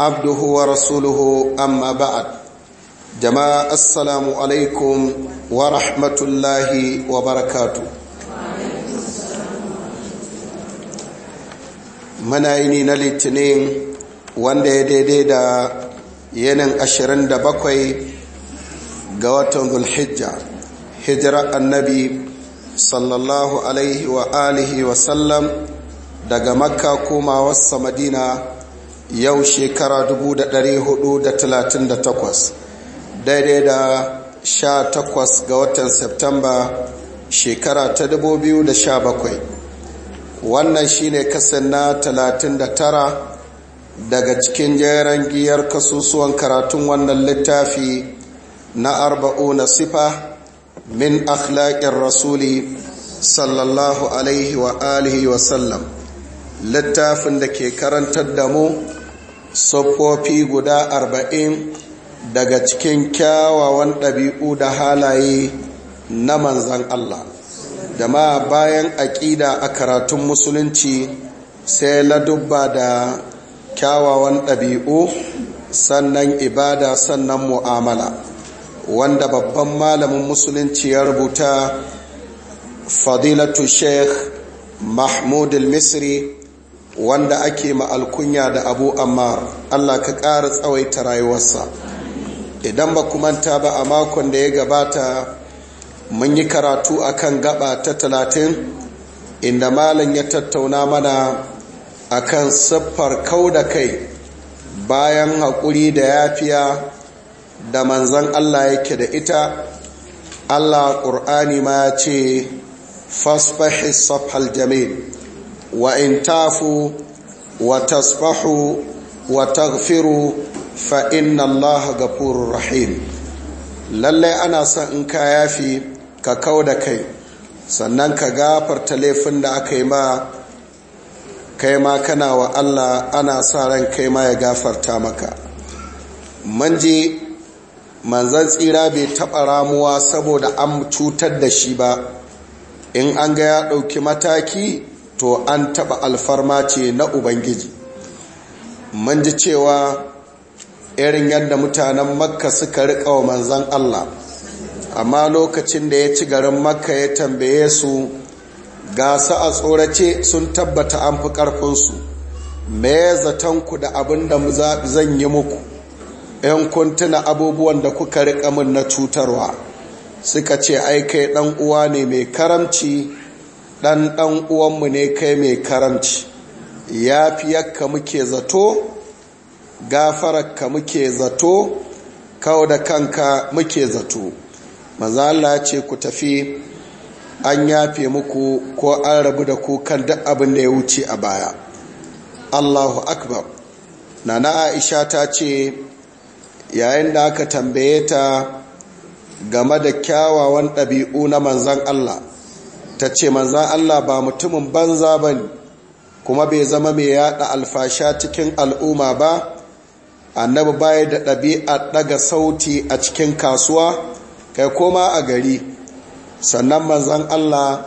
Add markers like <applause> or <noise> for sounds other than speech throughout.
abduhu wa rasuluhu amma ba'ad jama'a assalamu alaikum wa rahmatullahi wa barakatu mana ni na litinin wanda ya daidai da yanin 27 ga watan zulhijja hijira annabi sallallahu alaihi wa alihi wa sallam daga makka komawarsa madina yau shekara 438 daidai da 18 ga watan septemba shekara ta 2017 wannan shine kasan na 39 daga cikin jeren giyar kasusuwan karatun wannan littafi na arba'una sifa min akhlaƙin rasuli sallallahu alaihi wa alihi wa sallam littafin da ke karantar da mu siffofi guda arba'in daga cikin kyawawan ɗabi'u da halaye na manzan Allah da ma bayan aƙida a karatun musulunci sai ladubba da kyawawan ɗabi'u sannan ibada sannan mu'amala wanda babban malamin musulunci ya rubuta fadilatu sheikh mahmudul misri wanda ake ma'alkunya da abu amma allah ka ƙara tsawaita rayuwarsa idan ba manta ba a makon da ya gabata mun yi karatu akan gaba ta talatin inda malam ya tattauna mana akan siffar kau da kai bayan haƙuri da yafiya da manzan allah yake da ita allah ƙur'ani ma ya ce fasfahis safal jami'in. وإن تافوا وتصفحوا وتغفروا فإن الله غفور رحيم lallai ana son in ka yafi ka kau da kai sannan ka gafarta laifin da aka yi ma kai ma kana wa Allah ana sa ran kai ma ya gafarta maka manje manzan tsira bai taɓa ramuwa saboda an cutar da shi ba in an ga ya ɗauki mataki to an taɓa alfarma ce na ubangiji mun ji cewa irin yadda mutanen makka suka riƙa wa manzan allah amma lokacin da ya ci garin makka ya tambaye su gasa a tsorace sun tabbata an fi ƙarfinsu me ku da abin da zan yi muku ‘yan kuntuna abubuwan da kuka riƙa min na cutarwa’ suka ce ai ɗan uwa ne mai karamci ɗan ɗan uwanmu ne kai mai karamci ya fi yakka muke zato gafararka muke zato kawo da kanka muke zato Maza Allah ce ku tafi an yafe muku ko an rabu da ku kan duk abin da ya wuce a baya allahu akbar nana aisha ta ce yayin da aka tambaye ta game da kyawawan ɗabi'u na manzan allah ta ce manzan Allah ba mutumin banza ba ne kuma bai zama mai yada alfasha cikin al'umma ba annabi baya da ɗabi'a ɗaga sauti a cikin kasuwa kai koma a gari sannan manzan Allah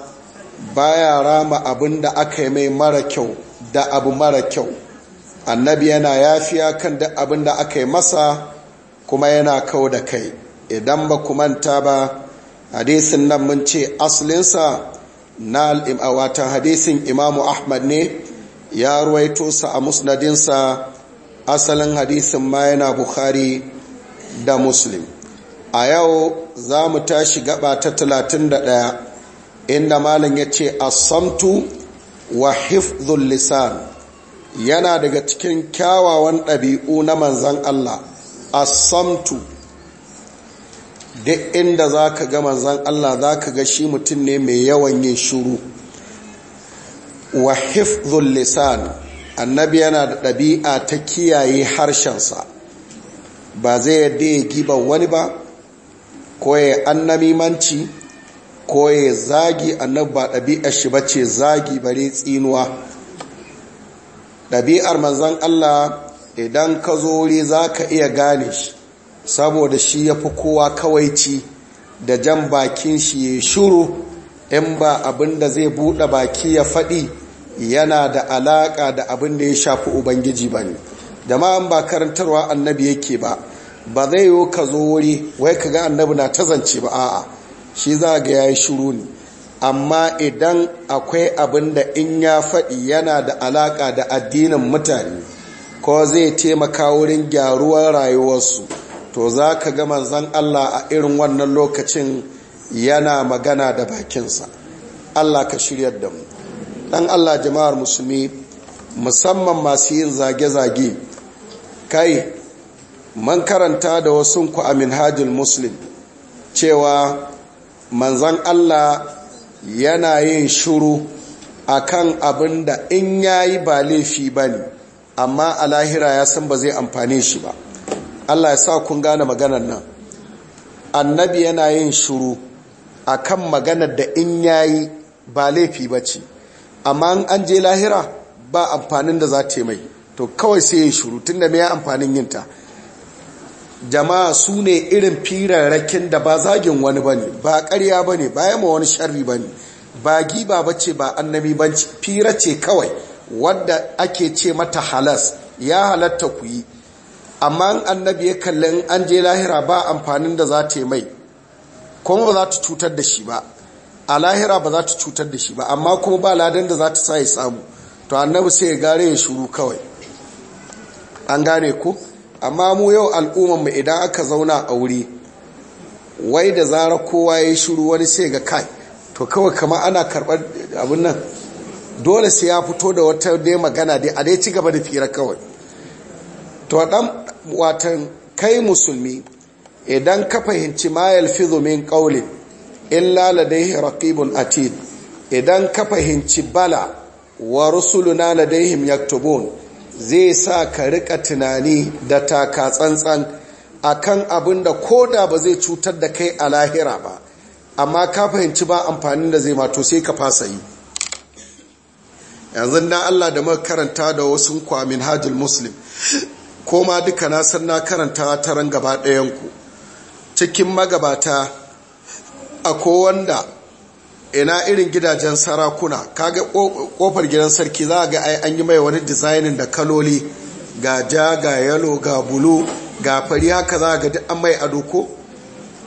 baya rama abin da aka yi mai mara kyau da abu mara kyau annabi yana yafiya kan da abin da aka yi masa kuma yana kau da kai idan ba ku manta ba hadisin nan mun ce asalinsa na watan hadisin imamu ahmad ne ya ruwaito sa a musnadinsa asalin hadisin mayana yana bukhari da muslim a yau za mu tashi gaba ta 31 inda malam ya ce asamtu wa hifzun lisan yana daga cikin kyawawan ɗabi'u na manzan Allah asamtu duk inda za ka ga manzan Allah za ka ga shi mutum ne mai yawan yin shuru wa hifzul lisan annabi yana da ɗabi'a ta kiyaye harshensa ba zai yadda ya giba wani ba ko ya manci? ko ya zagi annabi ba ɗabi'ar shi bace zagi bare tsinuwa ɗabi'ar manzan Allah idan ka zo wuri za ka iya gane shi saboda shi ya fi kowa kawaici da jan bakin shi ya shuru in ba abin da zai buɗe baki ya faɗi yana da alaƙa da abin da ya shafi ubangiji ba ne jama'an ba karantarwa annabi yake ba ba zai yi ka zo wuri wai ka ga annabi na ta zance ba a'a shi za ga ya yi shuru ne amma idan akwai abinda in ya faɗi yana da alaƙa da addinin mutane ko zai taimaka wurin gyaruwar rayuwarsu to za ka ga manzan Allah a irin wannan lokacin yana magana da bakinsa Allah ka shirya da mu dan Allah jama'ar musulmi musamman masu yin zage-zage kai man karanta da wasu ku a minhajul muslim cewa manzan Allah yana yin shuru kan abin da in yayi ba laifi ne amma alahira ya san ba zai amfane shi ba Allah ya sa kun gane maganar nan annabi yana yin shuru akan maganar da in yayi ba laifi bace amma an je lahira ba amfanin da za ta mai to kawai sai ya shuru tunda me ya amfanin yin ta jama'a su ne irin firarrakin da ba zagin wani bane ba ƙarya bane ba yamma wani sharri bane ba giba bace ba annabi bace fira ce kawai wadda ake ce mata halas ya halatta ku yi amma annabi ya kallin an je lahira ba amfanin da za ta yi mai kuma ba za ta cutar da shi ba a lahira ba za ta cutar da shi ba amma kuma ba ladan da za ta sa ya samu to annabi sai ya gare ya shuru kawai an gane ku amma mu yau mu idan aka zauna a wuri wai da zara kowa ya yi shuru wani sai ga kai to kawai kama ana karɓar abin nan dole sai ya fito da wata dai magana dai a dai ci gaba da fira kawai to dan watan kai musulmi idan ka fahimci ma yalfizu min in illa ladayhi atid idan ka fahimci bala wa rusuluna ladayhim yaktubun zai sa ka rika tunani da taka tsantsan a akan abin da ko da ba zai cutar da kai a lahira ba amma ka fahimci ba amfanin da zai mato sai ka fasa yi yanzu na Allah da makaranta da wasu kwamin hajjul muslim Koma duka na san na karanta taron gaba ɗayanku cikin magabata a kowanda ina irin gidajen sarakuna kaga kofar gidan sarki za a ga an yi mai wani dizainin da kaloli ga ja ga yalo ga bulu ga fari haka za a ga an mai ado ko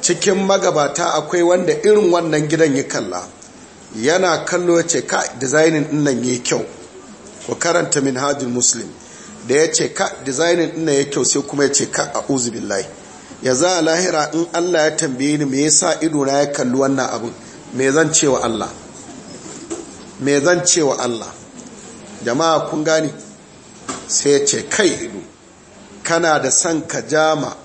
cikin magabata akwai wanda irin wannan gidan ya kalla yana kallo ce ka dizainin ɗin nan ya kyau ku karanta minhajul musulmi. da ya ce ka dizainin ina ya kyau sai kuma ya ce ka a uzubillahi ya za a lahira in Allah ya tambaye ni me yasa ido na ya kalli wannan abin me zan ce wa Allah me zan ce wa Allah jama'a kun gani sai ya ce kai ido kana da san ka ja jama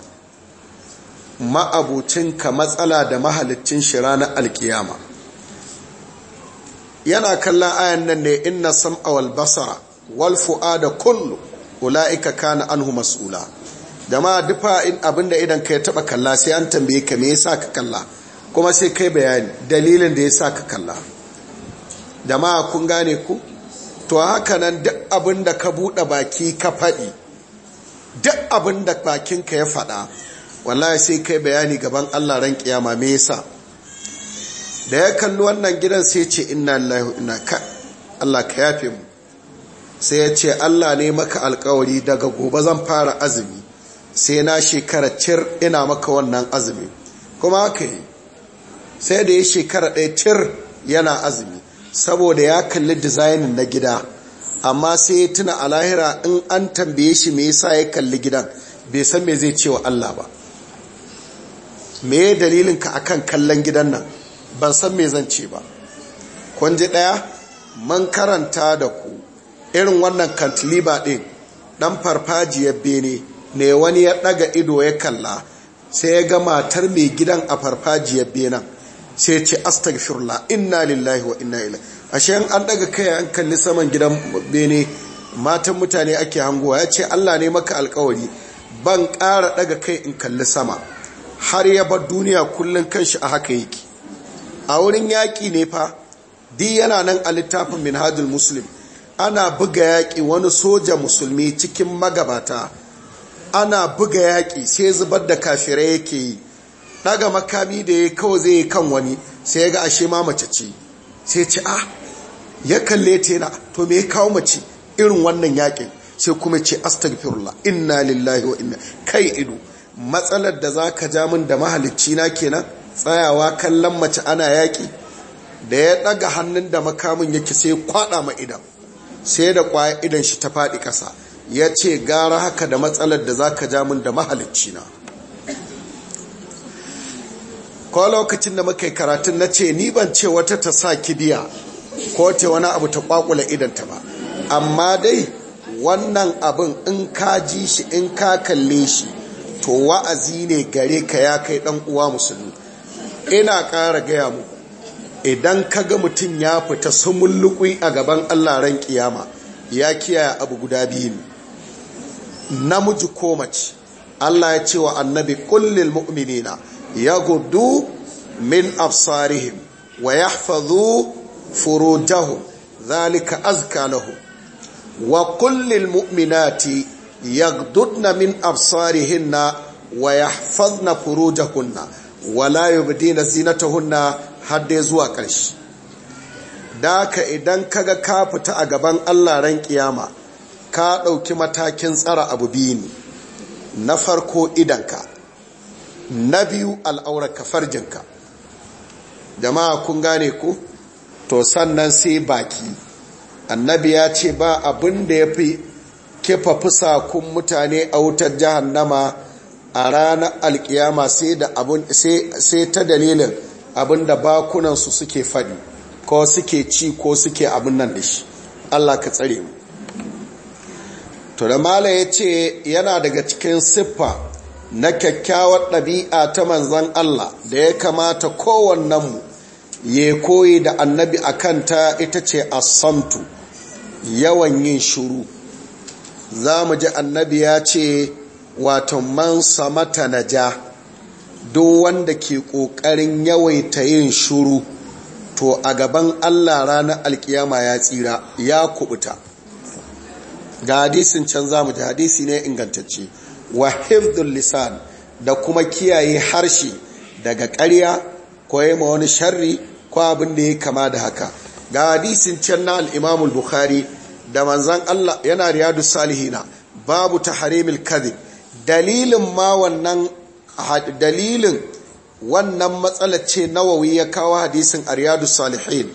ma'abucinka matsala da mahalicin shira na alkiyama yana kallon ayan nan ne inna sam'a wal basara walfu'a da kullum. ula'ika kana anhu mas'ula jama'a dufa abinda idan ka taba kalla sai an tambaye ka me yasa ka kalla kuma sai kai bayani dalilin da yasa ka kalla jama'a kun gane ku to haka nan duk abinda ka bude baki ka faɗi duk abinda bakinka ya faɗa wallahi sai kai bayani gaban Allah ran kiyama me yasa da ya kallo wannan gidan sai ce inna lillahi inna Allah ka yafe mu sai ya ce Allah ne maka alkawari daga gobe zan fara azumi sai na shekara cir ina maka wannan azumi kuma haka yi sai da ya shekara ɗaya cir yana azumi saboda ya kalli dizainin na gida amma sai ya tuna a lahira in an tambaye shi me yasa ya kalli gidan bai san me zai cewa Allah ba me ya ka akan kallon gidan nan ban san me zan ce ba kun ji ɗaya man karanta da ku irin wannan kantiliba ɗin ɗan farfajiyar bene ne wani ya ɗaga ido ya kalla sai ya ga matar mai gidan a farfajiyar benen sai ce astagfirullah inna lillahi wa inna ilaihi ashe an ɗaga kai an kalli saman gidan bene matan mutane ake hangowa ya ce Allah ne maka alkawari ban ƙara ɗaga kai in kalli sama har ya bar duniya kullum kanshi a haka yake a wurin yaƙi ne fa di yana nan a littafin minhajul muslim ana buga yaƙi wani soja musulmi cikin magabata ana buga yaƙi sai zubar da kafirai yake yi daga makami da ya kawai zai yi kan wani sai ya ga ashe ma mace ce sai ce a ah, ya kalle ta to me kawo mace irin wannan yaƙin sai kuma ce astagfirullah inna lillahi wa inna kai ido matsalar da za ka ja min da mahalicci na kenan tsayawa kallon mace ana yaƙi da ya ɗaga hannun da makamin yake sai kwaɗa ma idan sai da kwaya idan shi ta faɗi ƙasa ya ce gara haka da matsalar da za ka ja min da mahalicci na ko lokacin da muka yi karatun na ce ni ban ce wata ta sa kidiya ko ta wani abu ta kwakula idanta ba amma dai wannan abin in ka ji shi in ka kalle shi to wa'azi ne gare ka ya kai ɗan uwa musulmi ina ƙara gaya mu idan ka ga mutum ya fita sumulluƙi a gaban Allah ran kiyama ya kiyaye abu guda biyu namiji ko mace Allah ya ce wa annabi kullil mu'minina gudu min afsarihim wa yahfazu furujahum zalika azka wa kullil mu'minati yaghdudna min absarihinna wa yahfazna furujahunna wa la yubdina zinatahunna har dai zuwa ƙarshe daka idan kaga ka fita a gaban Allah ran kiyama ka ɗauki matakin tsara abu biyu ne na farko idanka na biyu farjin ka jama'a kun gane ku to sannan sai baki annabi ya ce ba abin da ya fi kifa kun mutane a wutar jahannama a ranar alkiyama sai ta dalilin abinda bakunansu suke faɗi ko suke ci ko suke abin nan da shi Allah ka tsare mu to da mala ya ce yana daga cikin siffa na kyakkyawar ɗabi'a ta Manzon Allah da ya kamata mu ya koyi da annabi a kanta ita ce asamtu yawan yin shuru za mu ji annabi ya ce wato man samata ja. duk wanda ke ƙoƙarin yawaita yin shuru to a gaban Allah ranar alkiyama ya tsira ya kubuta ga hadisin can zamu ji hadisi ne ingantacce wa hifdun lisan da kuma kiyaye harshe daga ƙarya ko ma wani sharri ko abin da ya kama da haka ga hadisin can na al bukhari da manzon Allah yana riyadu salihina babu tahrimil kadhib dalilin ma wannan dalilin wannan matsalar ce nawawi ya kawo hadisin aryadu salihin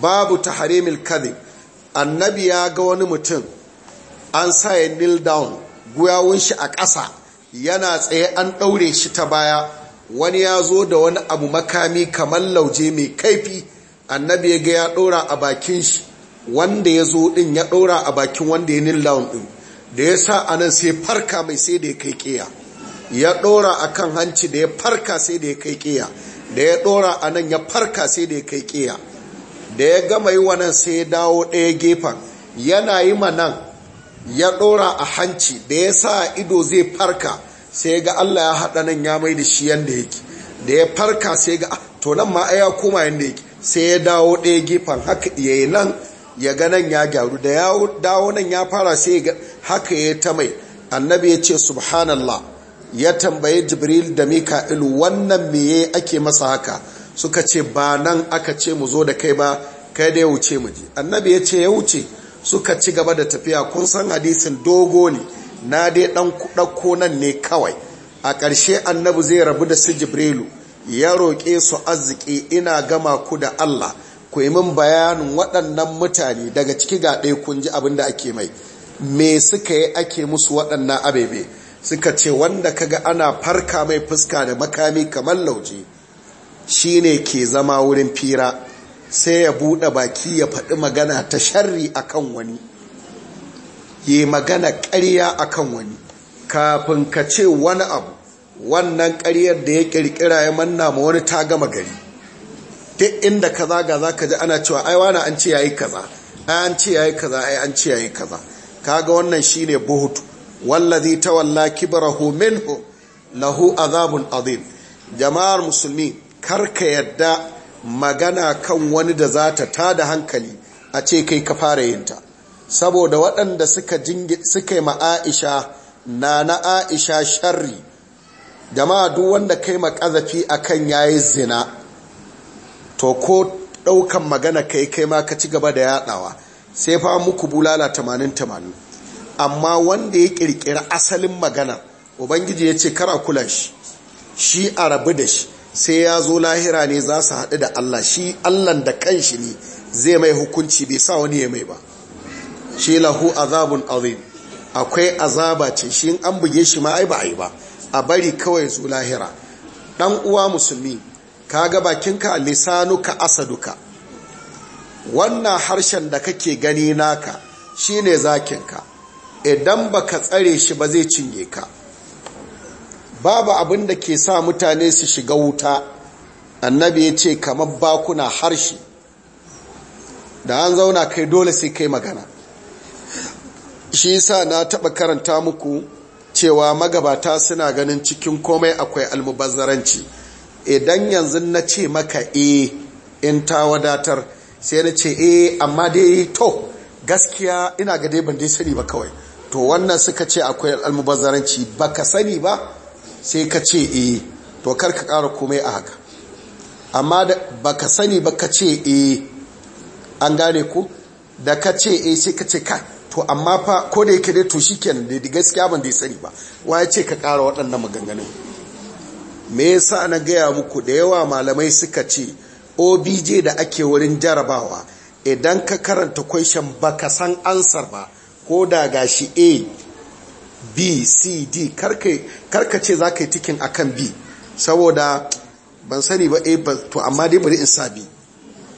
babu taharimil kadi annabi ya ga wani mutum an sa ya kneel down guyawun shi a ƙasa yana tsaye an ɗaure shi ta baya wani ya zo da wani abu makami kamar lauje mai kaifi annabi ya ga ya ɗora a bakin shi wanda ya zo ɗin ya ɗora a bakin wanda ya kneel down ɗin da ya sa anan sai farka mai sai da ya kai ƙeya ya ɗora a kan hanci da ya farka sai da ya kai kiya da ya ɗora a nan ya farka sai da ya kai kiya da ya gama yi wa nan sai ya dawo ɗaya gefen yana yi ma nan ya ɗora a hanci da ya sa ido zai farka sai ga Allah ya haɗa nan ya mai da shi yadda yake da ya farka sai ga ah, to nan ma ya koma yadda yake sai ya dawo ɗaya gefen haka ya yi nan ya ga nan ya gyaru da ya dawo nan ya fara sai ga haka ya ta mai annabi ya ce subhanallah ya tambaye jibril da mika'il wannan meye ake masa haka suka ce ba nan aka ce mu zo da kai ba kai da ya wuce mu je annabi ya ce ya wuce suka ci gaba da tafiya kun san hadisin dogo ne na dai dan ɗauko nan ne kawai a ƙarshe annabi zai rabu da su jibrilu ya roƙe su arziki ina gama ku da allah ku yi min bayanin waɗannan mutane daga ciki ga ɗaya kun ji abin da ake mai me suka yi ake musu waɗannan abebe suka ce wanda kaga ana farka mai fuska da makami kamar lauje shine ke zama wurin fira sai ya buɗe baki ya faɗi magana ta sharri akan wani yi magana ƙarya akan wani kafin ka ce wani abu wannan ƙaryar da ya ƙirƙira ya manna ma wani ta gama gari duk inda kaza ga za ka ji ana cewa ai wani an ce yi kaza ai an ce yi kaza ai an ce yayi kaza kaga wannan shine buhutu wallazi tawalla kibrahu minhu lahu azabun azim jama'ar musulmi ka yadda magana kan wani da za ta tada hankali a ce kai ka fara yinta saboda waɗanda suka jingi suka yi ma'aisha na na aisha sharri jama'a duk wanda kai ma makazafi akan yayi zina to ko ɗaukan magana kai kai ma ka ci gaba da yaɗawa sai fa muku bulala 80 80 amma wanda ya kirkira asalin magana ubangiji ya ce kara kula shi shi a rabu da shi sai ya zo lahira ne za su haɗu da Allah shi allan da kanshi ne zai mai hukunci bai sa wani ya mai ba shi lahu azabun azim akwai azaba ce shi an buge shi ma ai ba ai ba a bari kawai zo lahira dan uwa musulmi kaga bakinka lisanuka asaduka wannan harshen da kake gani naka shine zakinka idan baka tsare shi ba zai cinye ka babu abin da ke sa mutane su shiga wuta annabi ya ce kamar bakuna harshe da an zauna kai dole sai kai magana shi sa na taɓa karanta muku cewa magabata suna ganin cikin komai akwai almubazzaranci idan yanzu na ce maka e in ta wadatar sai na ce e amma dai to gaskiya ina ga dai ban dai sani ba kawai to wannan suka ce akwai almubazzaranci ka sani ba sai ka ce e to kar ka ƙara komai a haka amma da ka sani ba ka ce e an gane ku da ka ce e sai ka ce ka to amma fa ko da yake dai to shikenan da gaskiya ban da sani ba waye ce ka ƙara waɗannan maganganu me ya sa na gaya muku da yawa malamai suka ce obj da ake wurin jarabawa idan ka karanta kwaishan baka san ansar ba ko da ga shi a b c d ce za ka yi tikin akan b saboda ban sani ba a ba to amma dai bari in sa b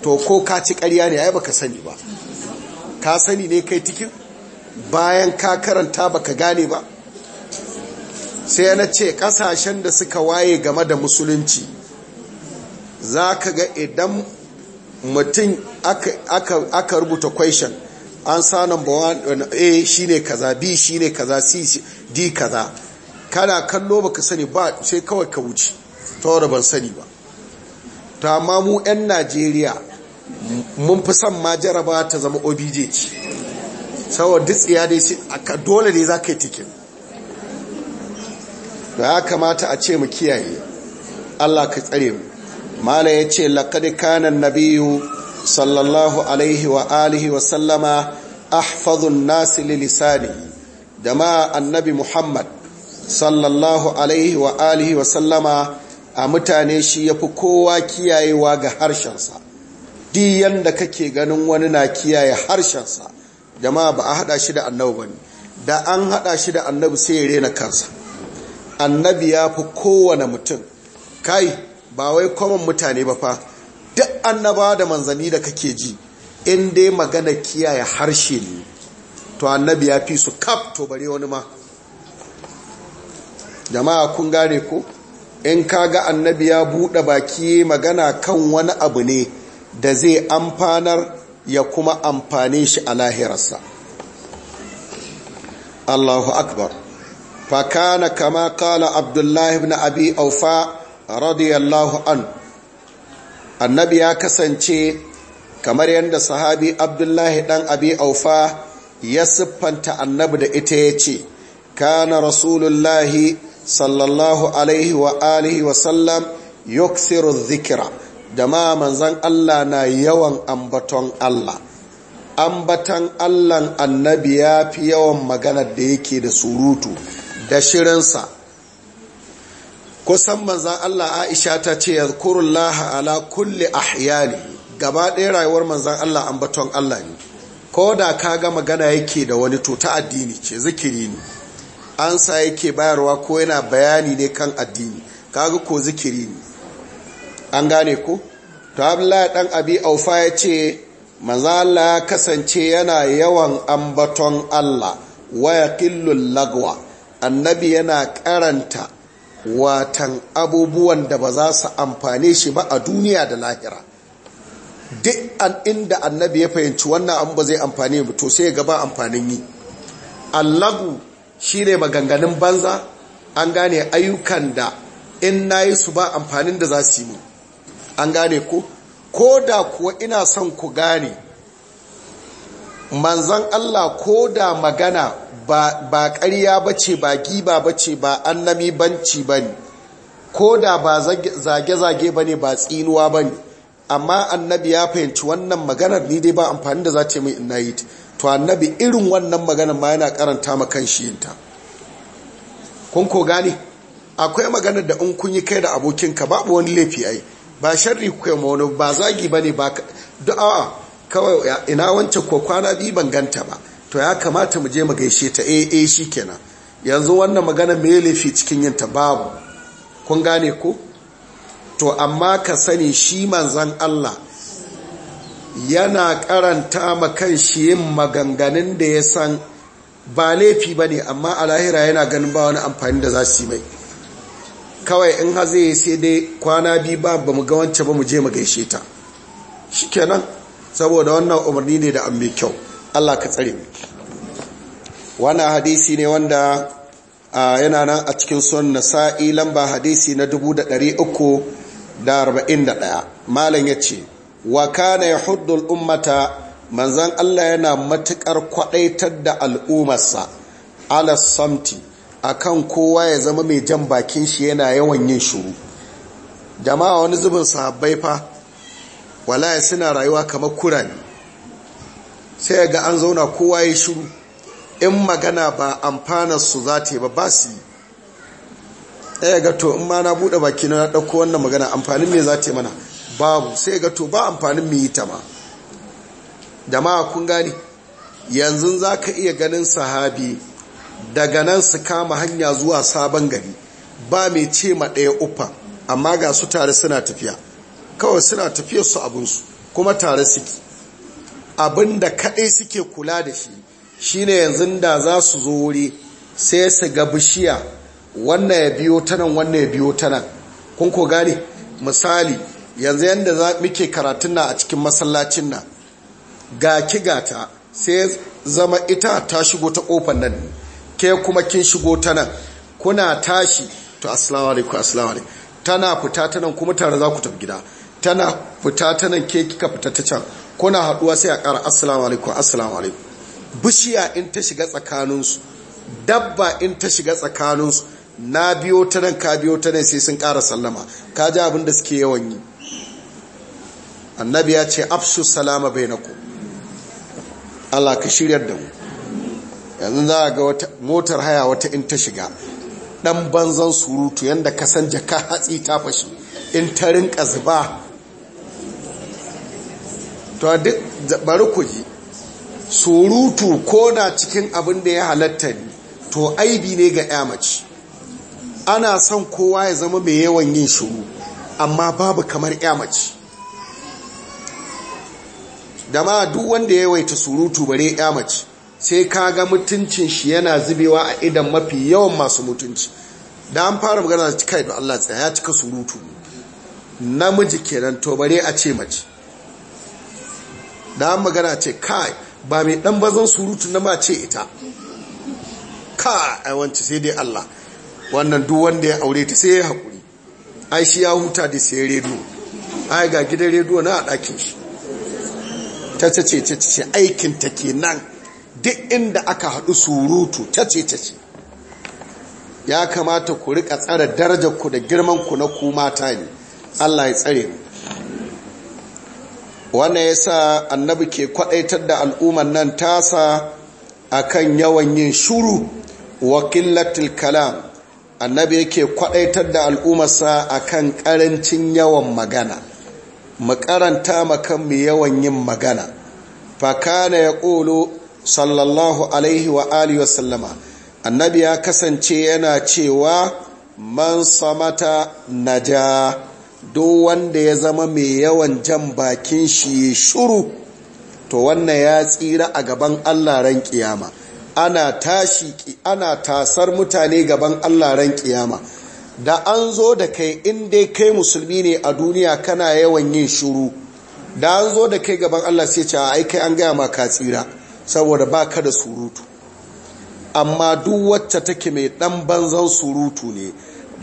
to ko ka ci karya ne ya baka sani ba ka sani ne kai tikin bayan ka karanta baka gane ba sai na ce kasashen da suka waye game da musulunci za ka ga idan mutum aka, rubuta question an sa number one a shi ne kaza b shi ne kaza c d kaza kana kallo baka sani ba sai kawai ka wuce ta wadda ban sani ba ta ma mu 'yan najeriya mun fi son ma jaraba ta zama obj ci saboda ditsiya dai dole ne za ka yi tikin da ya kamata a ce mu kiyaye allah ka tsare mu mala ya ce lakadi kanan nabiyu sallallahu alaihi wa alihi wa sallama ahfazun nasi lilisani da annabi muhammad sallallahu alaihi wa alihi wa sallama a mutane shi yafi fi kowa kiyayewa ga harshensa di yanda kake ganin wani na kiyaye harshensa jama'a ba a hada shi da annabi ba ne da an hada shi da annabi sai ya rena kansa annabi ya fi kowane mutum kai ba wai kwamon mutane ba fa annaba da manzani da kake ji in dai magana kiyaye harshe ne to annabi ya fi su kaf to bare wani ma jama'a kun gane ko in kaga annabi ya buɗe baki magana kan wani abu ne da zai amfanar ya kuma amfane shi a lahirarsa Allahu akbar fakana kama kala abdullahi ibn abi aufa radiyallahu anhu annabi ya kasance kamar yadda sahabi abdullahi dan abi aufa ya siffanta annabi da ita ya ce kana rasulullahi sallallahu alaihi wa alihi wa sallam yuksiru zikira da ma manzan Allah na yawan ambaton Allah ambaton Allahn annabi ya fi yawan maganar da yake da surutu da shirinsa kusan manza Allah Aisha ta ce ya laha ala kulle ahyani gaba ɗaya rayuwar manzan Allah ambaton Allah ne ko da ka ga magana yake da wani to ta addini ce zikiri ne an sa yake bayarwa ko yana bayani ne kan addini ga ko zikiri ne an gane ko to Abdullahi dan Abi Aufa ya ce maza Allah ya kasance yana yawan ambaton Allah waya killun lagwa annabi yana karanta watan abubuwan da ba za su amfane shi ba a duniya da lahira duk an inda annabi ya fahimci wannan an ba zai amfane ba to sai gaba amfanin yi allagu shi ne maganganun banza an gane ayyukan da in na yi su ba amfanin da za su yi mu an gane ko ko da kuwa ina son ku gane manzan allah ko da magana ba ƙarya ba ce ba giba ba ce ba annami banci ba ne ko da ba zage-zage ba ne ba tsinuwa ba ne amma annabi ya fahimci wannan maganar ni dai ba amfani da za ce mai ina yi to annabi irin wannan maganar ma yana karanta ma kan shi yinta kun ko gane akwai maganar da in kun yi kai da abokinka babu wani laifi ai ba sharri ku ma wani ba zagi ba ne ba du'a kawai ina wancan ko kwana biyu ban ganta ba to ya kamata mu je mu gaishe ta eh eh shikenan yanzu wannan magana me laifi cikin yin ta babu kun gane ko to amma ka sani shi manzan Allah yana karanta ma shi yin maganganun da ya san ba laifi ba ne amma a lahira yana ganin ba wani amfani da za su yi mai kawai in haze ya sai dai kwana biyu ba ba mu ga wance ba mu je mu gaishe ta shi kenan saboda wannan umarni ne da an mai kyau Allah ka tsare hadisi ne wanda yana nan a cikin son nasa'i lamba hadisi na 341 malam ya ce wa kana ya huddul ummata manzan Allah yana matuƙar kwaɗaitar da al'ummarsa alasamti kan kowa ya zama mai jan bakin shi yana yawan yin shuru jama'a wani zubin sahabbai fa wala suna rayuwa kamar kurani sai ga an zauna kowa ya shiru in magana ba amfanar su za ta ba ba su yi ɗaya ga to in ma na buɗe baki na ɗauko wannan magana amfanin me za ta mana babu sai ga to ba amfanin mai yi ta ma da ma kun gani yanzu za ka iya ganin sahabi daga nan su kama hanya zuwa sabon gari ba mai ce ma ɗaya ufa amma ga su tare suna tafiya kawai suna tafiyar su abinsu kuma tare suke abinda kadai suke kula da shi shine yanzu da za su zo wuri sai su ga bishiya wannan ya biyo ta nan wannan ya biyo ta nan kun ko gane misali yanzu yanda za muke karatun na a cikin masallacin nan ga ta sai zama ita ta shigo ta kofar nan ke kuma kin shigo ta nan kuna tashi to assalamu alaikum assalamu alaikum tana fita ta nan kuma tare za ku tafi gida tana fita ta nan ke kika fita ta can kuna haduwa sai a ƙara assalamu alaikum assalamu alaikum bishiya in ta shiga tsakaninsu dabba in ta shiga tsakaninsu na biyo ta nan ka biyo ta nan sai sun kara sallama ka ji abin da suke yawan yi annabi ya ce afshu salama ku Allah ka shiryar da mu yanzu za ga wata motar haya wata in ta shiga ɗan banzan surutu yadda ka san jaka hatsi ta fashi in ta rinka zuba to duk bari ku ji surutu ko na cikin abin da ya halatta ne to aibi ne ga ya mace ana son kowa ya zama mai yawan yin shuru amma babu kamar ya mace da ma duk wanda ya yawaita surutu bare ya mace sai ga mutuncin shi yana zubewa a idan mafi yawan masu mutunci da an fara magana da cika da Allah tsaya ya cika surutu namiji kenan to bare a ce mace da magana ce kai ba mai dan bazan surutu na mace ita ka a wanci sai dai Allah wannan duk wanda ya aure ta sai ya hakuri ai shi ya huta da sai rediyo ai ga gidan rediyo na a ɗakin shi ta ce ce ce aikin ta kenan duk inda aka haɗu surutu ta ce ta ce ya kamata ku rika tsara darajar ku da girman ku na ku mata ne Allah ya tsare mu wannan ya sa annabi ke kwadaitar da al'umman nan tasa akan yawan yin shuru wa kalam annabi yake kwadaitar da al'ummarsa akan karancin yawan magana mu karanta makan mu yawan yin magana fa kana yaqulu sallallahu alaihi wa alihi wasallama annabi ya kasance yana cewa man samata naja Duk wanda ya zama mai yawan jan bakin shi ya shuru to wannan ya tsira a gaban Allah ran kiyama ana tashi ana tasar mutane gaban Allah ran kiyama da an zo da kai in dai kai musulmi ne a duniya kana yawan yin shuru da an zo da kai gaban Allah sai ce ai kai an gaya ma ka tsira saboda baka da surutu amma duk wacce take mai dan banzan surutu ne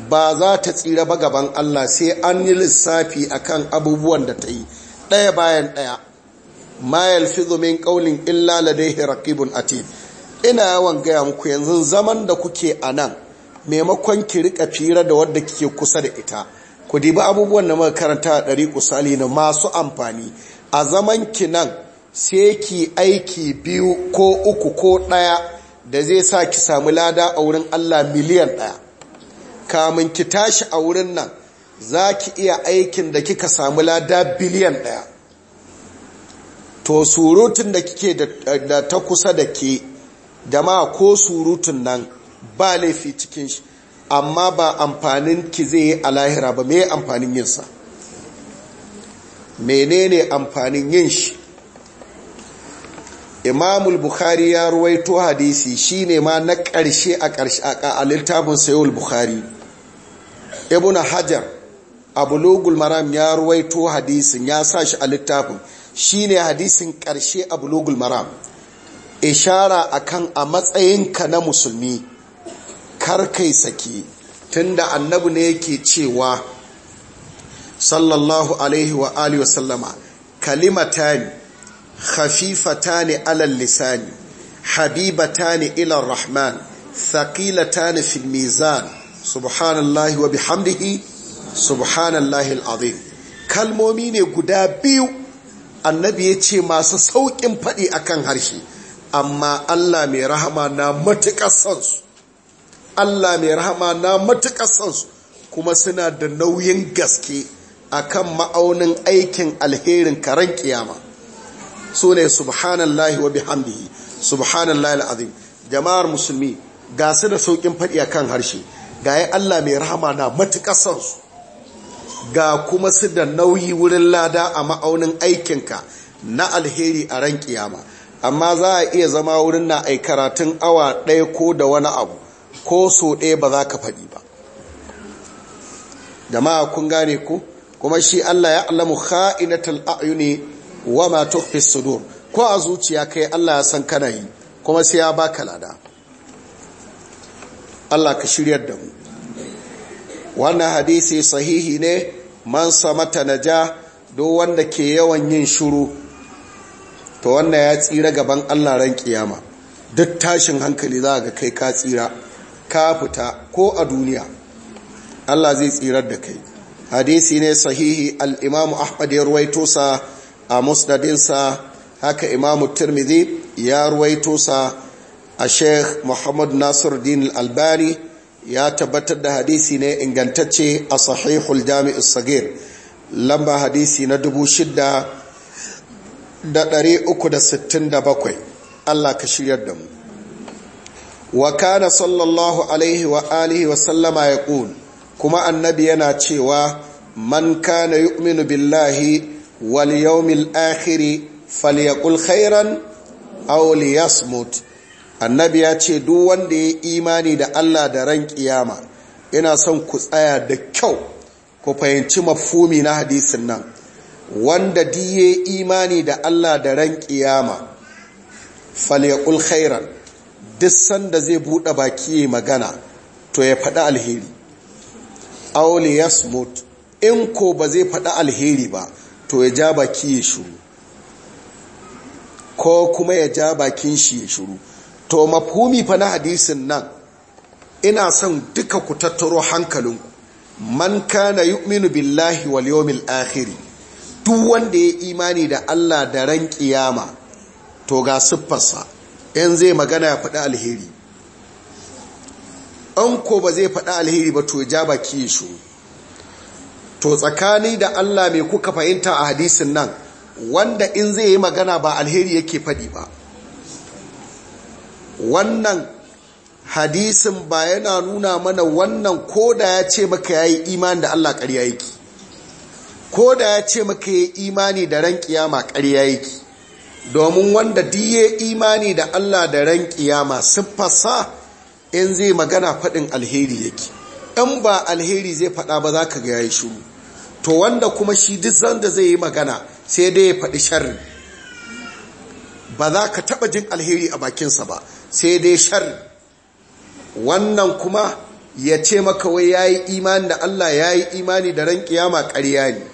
ba za ta tsira ba gaban Allah sai an yi lissafi a kan abubuwan da ta yi ɗaya bayan ɗaya mayal fi zumin ƙaunin illa ladayhi raqibun atid ina yawan gaya muku yanzu zaman da kuke a nan maimakon ki rika fira da wadda kike kusa da ita ku dibi abubuwan da muka karanta a ɗari kusali na masu amfani a zaman ki nan sai ki aiki biyu ko uku ko ɗaya da zai sa ki samu lada a wurin Allah miliyan ɗaya kamun ki tashi a wurin nan za ki iya aikin da kika samu lada biliyan ɗaya to surutun da kike da ta kusa da ke da ma ko surutun nan ba laifi cikin shi amma ba amfanin ki zai yi a lahira ba mai amfanin yinsa menene amfanin yin shi imamul bukhari ya ruwaito hadisi shine ma na karshe a karshe a littafin sayul bukhari ibnu hajar abulugul maram ya ruwaito hadisin ya sa shi a littafin shine hadisin ƙarshe abulugul maram ishara akan a matsayin ka na musulmi karkai saki tunda annabi ne yake cewa sallallahu alaihi wa alihi wa sallama kalimatani khafifatani alal lisani habibatani ila rahman thaqilatani fil mizan subhanallahi wa bihamdihi subhanallahi alazim kalmomi ne guda biyu annabi ya ce masu sauƙin faɗi akan harshe amma Allah mai rahama na matuƙar sansu Allah mai rahama na matuƙar sansu kuma suna da nauyin gaske akan ma'aunin aikin alherin karan kiyama su ne subhanallahi wa bihamdihi subhanallahi al'azim jama'ar musulmi ga su da saukin faɗi a kan harshe ga yi Allah mai rahama na matuƙar ga kuma su da nauyi wurin lada a ma'aunin aikinka na alheri a ran kiyama amma za a iya zama wurin na aikaratun awa ɗaya ko da wani abu ko so ɗaya ba za ka faɗi ba jama'a kun gane ku kuma shi Allah ya alamu kha'inatul a'yuni wa ma tukhfi sudur ko a zuciya kai Allah ya san kana yi kuma sai ya baka lada Allah ka shiryar da mu wannan hadisi sahihi ne man samata naja duk wanda ke yawan yin shiru to wannan ya tsira gaban Allah ran kiyama duk tashin hankali za ga kai ka tsira ka fita ko a duniya Allah zai tsirar da kai hadisi ne sahihi al-Imam Ahmad ya ruwaito sa a musnadinsa haka imamu tirmidhi ya ruwaito sa a sheikh muhammad nasir din albani ya tabbatar da hadisi ne ingantacce a sahihul jami'ul sagir lamba hadisi na 6,367 Allah ka shiryar da mu wa kana sallallahu alaihi wa alihi wa sallama ya kuma annabi yana cewa man kana yu'minu billahi wal الاخر فليقل خيرا او ليصمت annabi ya ce duk wanda ya imani da Allah da ran ina son ku tsaya da kyau ku fahimci mafumi na hadisin nan wanda diye imani da Allah da ran kiyama falyakul khairan duk sanda zai bude baki magana to ya faɗi alheri aw liyasmut in ko ba zai faɗi alheri ba to ya ja baki ya shuru ko kuma ya ja bakin shi ya shuru to mafhumi fa na hadisin nan ina son duka ku tattaro hankalinku man kana yu'minu billahi wal yawmil akhir duk wanda ya imani da Allah da ran kiyama to ga siffarsa in zai magana ya faɗi alheri an ko ba zai faɗi alheri ba to ya ja baki ya shuru to tsakani da Allah mai kuka fahimta a hadisin nan wanda in zai yi magana ba alheri yake faɗi ba wannan hadisin ba yana nuna mana wannan ko da ya ce maka ya yi imani da Allah ƙarya yake ko da ya ce maka ya yi imani da ran ƙiyama ƙarya yake domin wanda diye imani da Allah da ran ƙiyama fasa in zai magana faɗin alheri yake in ba alheri zai faɗa ba za ka ga ya yi shuru to wanda kuma shi duk zanda zai yi magana sai dai ya faɗi sharri ba za ka taɓa jin alheri a bakinsa ba sai dai sharri wannan kuma ya ce maka wai ya yi imani da Allah ya yi imani da ran kiyama ƙarya ne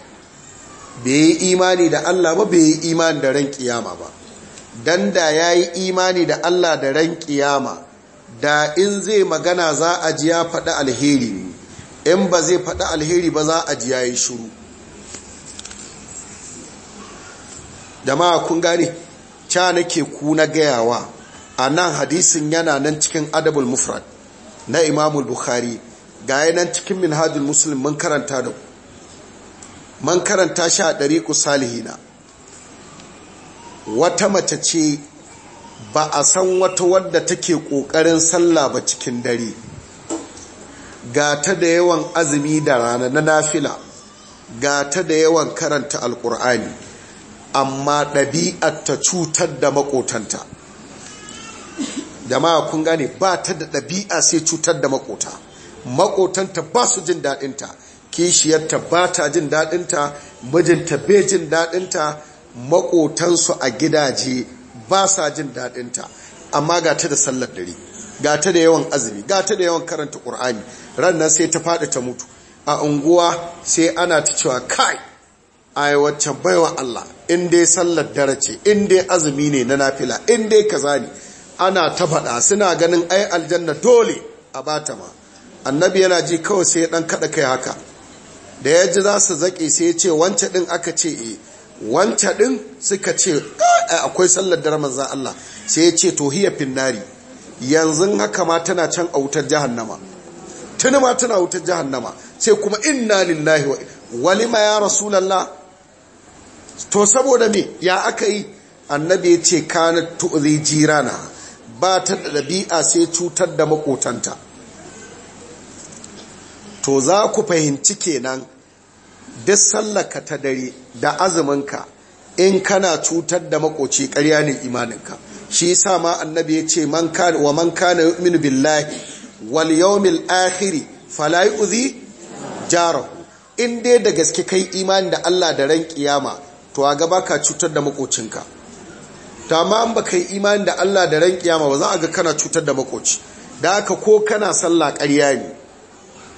bai yi imani da Allah ba bai yi imani da ran kiyama ba dan da ya yi imani da Allah da ran kiyama da in zai magana za a ji ya faɗi alheri ne in ba zai faɗi alheri ba za a ji yayi shiru ma kun gane ca nake ku na gayawa a nan hadisin yana nan cikin adabul mufrad na imamul bukhari ga nan cikin minhajul muslim mun karanta da man karanta shi a dariqu salihina wata mace ce ba a san wata wadda take kokarin sallah ba cikin dare ga ta da yawan azumi da rana na nafila ga ta da yawan karanta alkur'ani amma ɗabi'ar ta cutar da makotanta jama'a kun gane ba ta da ɗabi'a sai cutar da makota makotanta ba su jin daɗinta kishiyarta ba ta jin daɗinta mijinta bai jin daɗinta makotansu a gidaje ba sa jin daɗinta amma ga ta da sallar dare ga ta da yawan azumi ga ta da yawan karanta ƙur'ani rannan sai ta faɗi ta mutu a unguwa sai ana ta cewa kai ai wacce baiwa Allah in dai sallar dare ce in dai azumi ne na nafila in dai kaza ne ana ta faɗa suna ganin ai aljanna dole a bata ma annabi yana ji kawai sai dan kada kai haka da ya ji za su zaƙe sai ya ce wance ɗin aka ce e wance ɗin suka ce akwai sallar dare manzan Allah sai ya ce to hiya finnari yanzu haka ma tana can a wutar jahannama tuni ma tana wutar jahannama sai kuma inna lillahi Wali ma ya rasulallah to saboda me ya aka yi annabi ya ce kana tu'zi na. ba ta ɗabi'a sai cutar da makotanta to za ku fahimci kenan duk sallaka ta dare da azuminka in kana cutar da makoci ƙarya ne imaninka shi yasa ma annabi ya ce wa man kana yu'minu billahi wal yawmil akhiri fala uzi jarahu in dai da gaske kai imani da Allah da ran kiyama to a gaba ka cutar da makocinka ta ma an baka yi imani da Allah da ran kiyama ba za a ga kana cutar da makoci da haka ko kana sallah ƙarya ne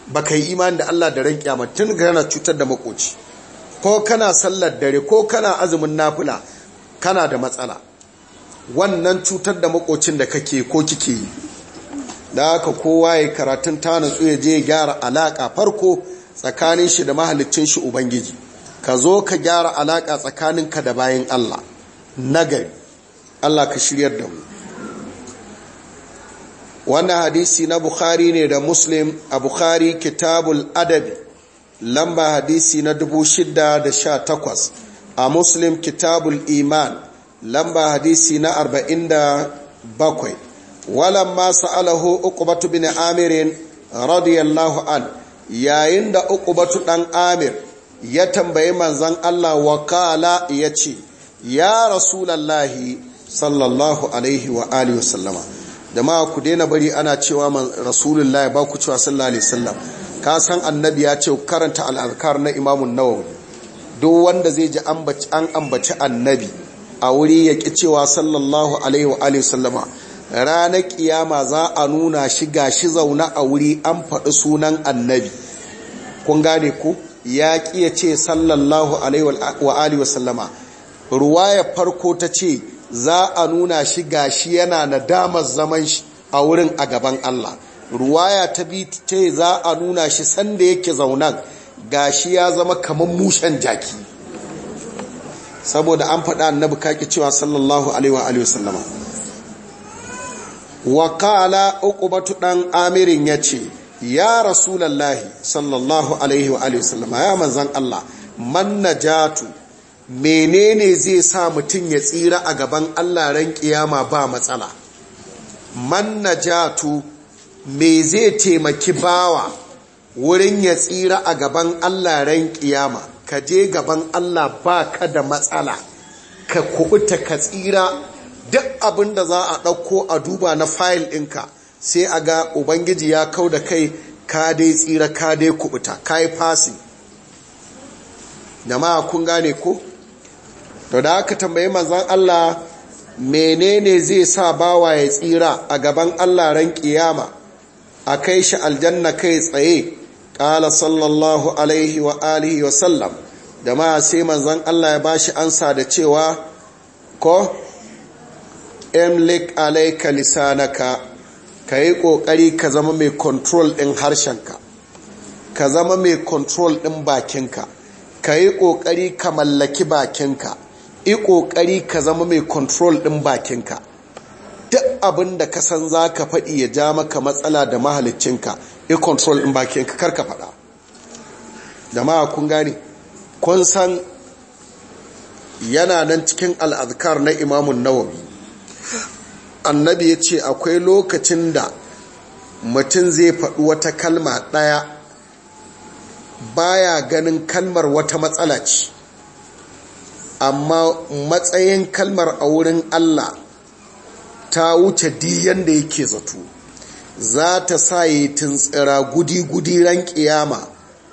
baka yi imani da Allah da ran kiyama tun kana cutar da makoci ko kana sallar dare ko kana azumin nafila kana da matsala wannan cutar da makocin da kake ko kike yi da haka kowa ya karatun ta natsu ya je gyara alaƙa farko tsakanin shi da mahalicin shi ubangiji ka zo ka gyara alaka tsakanin ka da bayan Allah nagari Allah ka shiryar da mu wannan hadisi na bukhari ne da muslim a bukhari kitabul adabi lamba hadisi na 618 a muslim kitabul iman lamba hadisi na 47 walamma sa'alahu uqbatu bin amir radiyallahu an yayin da uqbatu dan amir ya tambayi manzon Allah wakala yace ya rasulullahi sallallahu alaihi wa alihi wasallama jama'a ku daina bari ana cewa rasulullahi ba ku cewa sallallahu alaihi wasallam ka san annabi ya ce karanta al'adkar na imamun nawawi duk wanda zai ji an ambaci annabi a wuri ya ƙi cewa sallallahu alaihi wa alihi sallama ranar kiyama za a nuna shi ga shi zauna a wuri an faɗi sunan annabi kun gane ku ya ƙiya ce sallallahu alaihi wa sallama ya farko ta ce za a nuna shi ga shi yana nadamar zaman shi a wurin a gaban Allah ruwaya ta bi ce za a nuna shi sanda yake zaunan ga shi ya zama kamar mushen jaki saboda an faɗa annabi kake cewa sallallahu alaihi wa sallama wakala batu dan amirin yace ya rasulullahi sallallahu alaihi wa alihi wasallam ya manzan Allah man najatu menene zai sa mutum ya tsira a gaban Allah ran kiyama ba matsala man najatu me zai taimaki bawa wurin ya tsira a gaban Allah ran kiyama ka je gaban Allah ba ka da matsala ka kubuta ka tsira duk abin da za a ɗauko a duba na fayil ɗinka sai a ga ubangiji ya kau da kai ka dai tsira ka dai kubuta ka yi fasi da ma kun gane ko to da aka tambayi manzan Allah menene zai sa bawa ya tsira a gaban Allah ran kiyama a kai shi aljanna kai tsaye Kala sallallahu alaihi wa alihi wa sallam da ma sai manzan Allah ya bashi ansa da cewa ko emlik alaika lisanaka ka yi ƙoƙari ka zama mai control ɗin harshenka ka zama mai control ɗin bakinka ka yi ƙoƙari ka mallaki bakinka yi ƙoƙari ka zama mai control ɗin bakinka duk abin da ka san za ka faɗi ya ja maka matsala da mahalicinka yi control din bakinka kar ka faɗa jama'a kun gane kun san yana nan cikin al'adkar na imamun nawabi annabi ya ce akwai lokacin da mutum zai faɗi wata kalma ɗaya baya ganin kalmar wata matsala ce amma matsayin kalmar a wurin Allah ta wuce diyan da yake zato za ta sa yi tuntsira gudi-gudi ran kiyama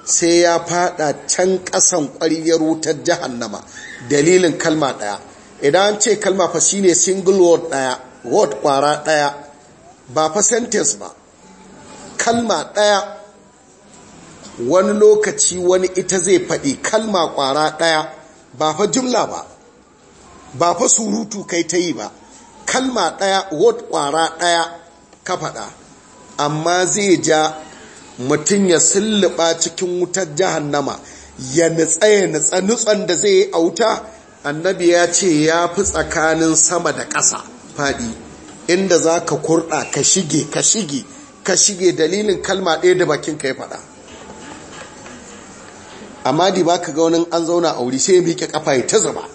sai ya fada can ƙasan ƙwariyar wutar jahannama dalilin kalma ɗaya idan an ce kalma fa shi ne single word daya word kwara daya ba fa sentence ba kalma daya wani lokaci wani ita zai faɗi kalma kwara daya ba fa jumla ba ba fa surutu kai ta yi ba kalma daya word kwara daya ka faɗa amma zai ja mutum ya sulluɓa cikin wutar jahannama ya nutsa ya nutsa nutsan da zai yi a wuta annabi ya ce ya fi tsakanin sama da ƙasa faɗi inda za ka kurɗa ka shige ka shige ka shige dalilin kalma ɗaya da bakin ka ya faɗa amma di ba ka gaunin an zauna a wuri sai ya miƙe ƙafa ya ta zuba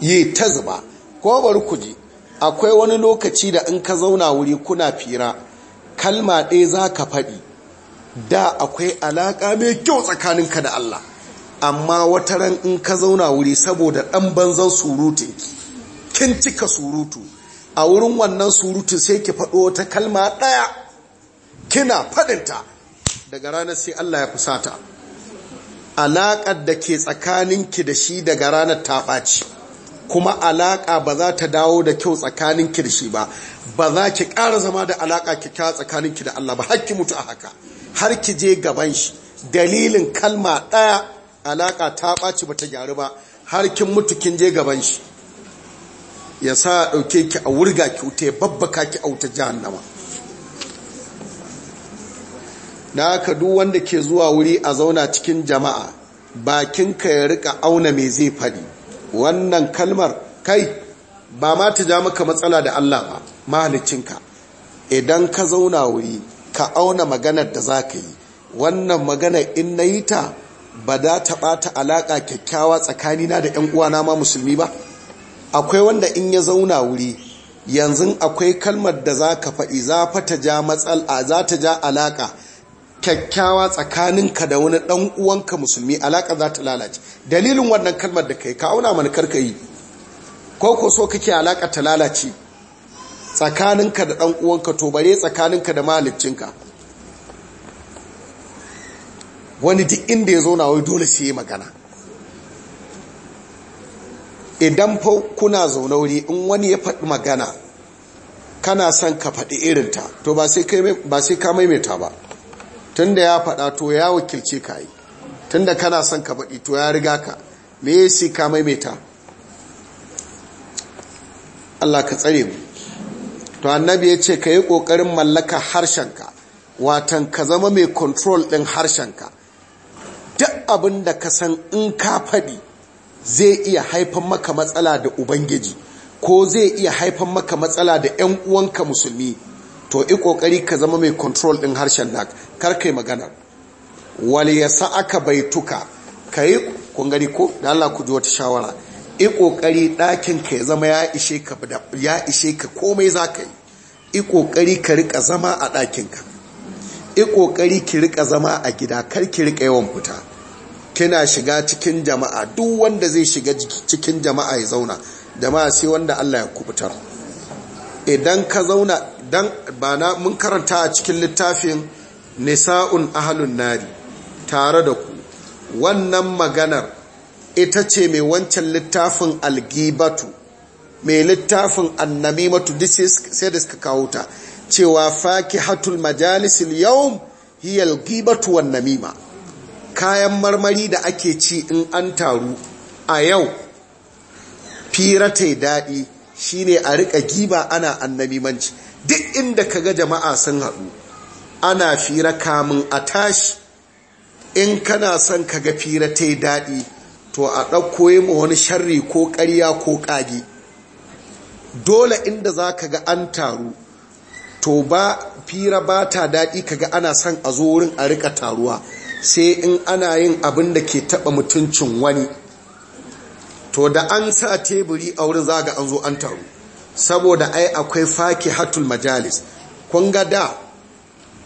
Ya ta zuba ko bari ku ji akwai wani lokaci da in ka zauna wuri kuna fira kalma ɗaya za ka faɗi da akwai alaƙa mai kyau tsakaninka da Allah amma wata ran in ka zauna wuri saboda ɗan banzan surutun kin cika surutu a wurin wannan surutu sai ki faɗo ta kalma ɗaya kina faɗinta daga ranar sai Allah ya kusata alaƙar da ke tsakaninki da shi daga ranar ta ɓaci kuma alaƙa ba za ta dawo da kyau tsakaninki da shi ba ba za ki ƙara zama da alaƙa ki tsakanin tsakaninki da Allah ba har ki mutu a haka har ki je gaban shi dalilin kalma ɗaya alaka ta ɓaci bata gyaru ba har kin mutu kin je gaban shi ya sa ɗauke ki a wurga ki wuta ya babbaka ki a wuta jahannama na haka duk wanda ke zuwa wuri a zauna cikin jama'a bakin ka ya rika auna mai zai faɗi wannan kalmar kai ba ma ta ja maka matsala da Allah ba mahalicinka idan ka zauna wuri ka auna maganar da za ka yi wannan maganar in na yi ta ba da ta ɓata alaƙa kyakkyawa tsakanina da 'yan uwana ma musulmi ba akwai wanda in ya zauna wuri yanzu akwai kalmar da za ka faɗi za ta ja matsala za ta ja alaƙa kyakkyawa tsakaninka da wani ɗan uwanka musulmi alaƙa za ta lalace dalilin wannan kalmar da kai ka auna mana karka yi ko ko so kake alaƙa ta lalace tsakaninka da ɗan uwanka to bare tsakaninka da mahaliccinka wani duk inda ya zauna wai dole sai magana idan fa kuna zaune wuri in wani ya faɗi magana kana son ka faɗi irin ta to ba sai ka maimaita ba tun da ya faɗa to ya wakilce ka yi tun da kana son ka faɗi to ya riga ka me sai ka maimaita Allah ka tsare mu to annabi ya ce ka yi ƙoƙarin mallaka harshenka watan ka zama mai control ɗin harshenka duk abin da ka san in ka faɗi zai iya haifan maka matsala da ubangiji ko zai iya haifan maka matsala da 'yan uwanka musulmi to i kokari ka zama mai control ɗin harshen nak kar magana wal aka baituka kai kun gari ko da Allah ku ji wata shawara i kokari ɗakin ka ya zama ya ishe ka ya ishe ka komai zaka yi i kokari ka rika zama a ɗakin ka i kokari ki rika zama a gida kar ki rika yawan fita kina shiga cikin jama'a duk wanda zai shiga cikin jama'a ya zauna jama'a sai wanda Allah ya kubutar idan ka zauna dan ba mun karanta a cikin littafin nisa'un ahlun nari tare da ku wannan maganar ita ce mai wancan littafin algibatu mai littafin annamimatu sai da suka kawo ta cewa faki majalisil yawm yau al-ghibatu wannan namima kayan marmari da ake ci in an taru a yau fira ta daɗi shine a riƙa giba ana manci. duk inda kaga jama'a sun haɗu ana fira kamun a tashi in kana son kaga fira ta daɗi to a ɗauko yi wani sharri ko ƙarya ko ƙage dole inda za ka ga an taru to ba fira ba ta daɗi kaga ana son a zo wurin a rika taruwa sai in ana yin abin da ke taɓa mutuncin wani to da an sa teburi a wurin zaga an zo an taru saboda ai akwai faki hatul majalis kun ga da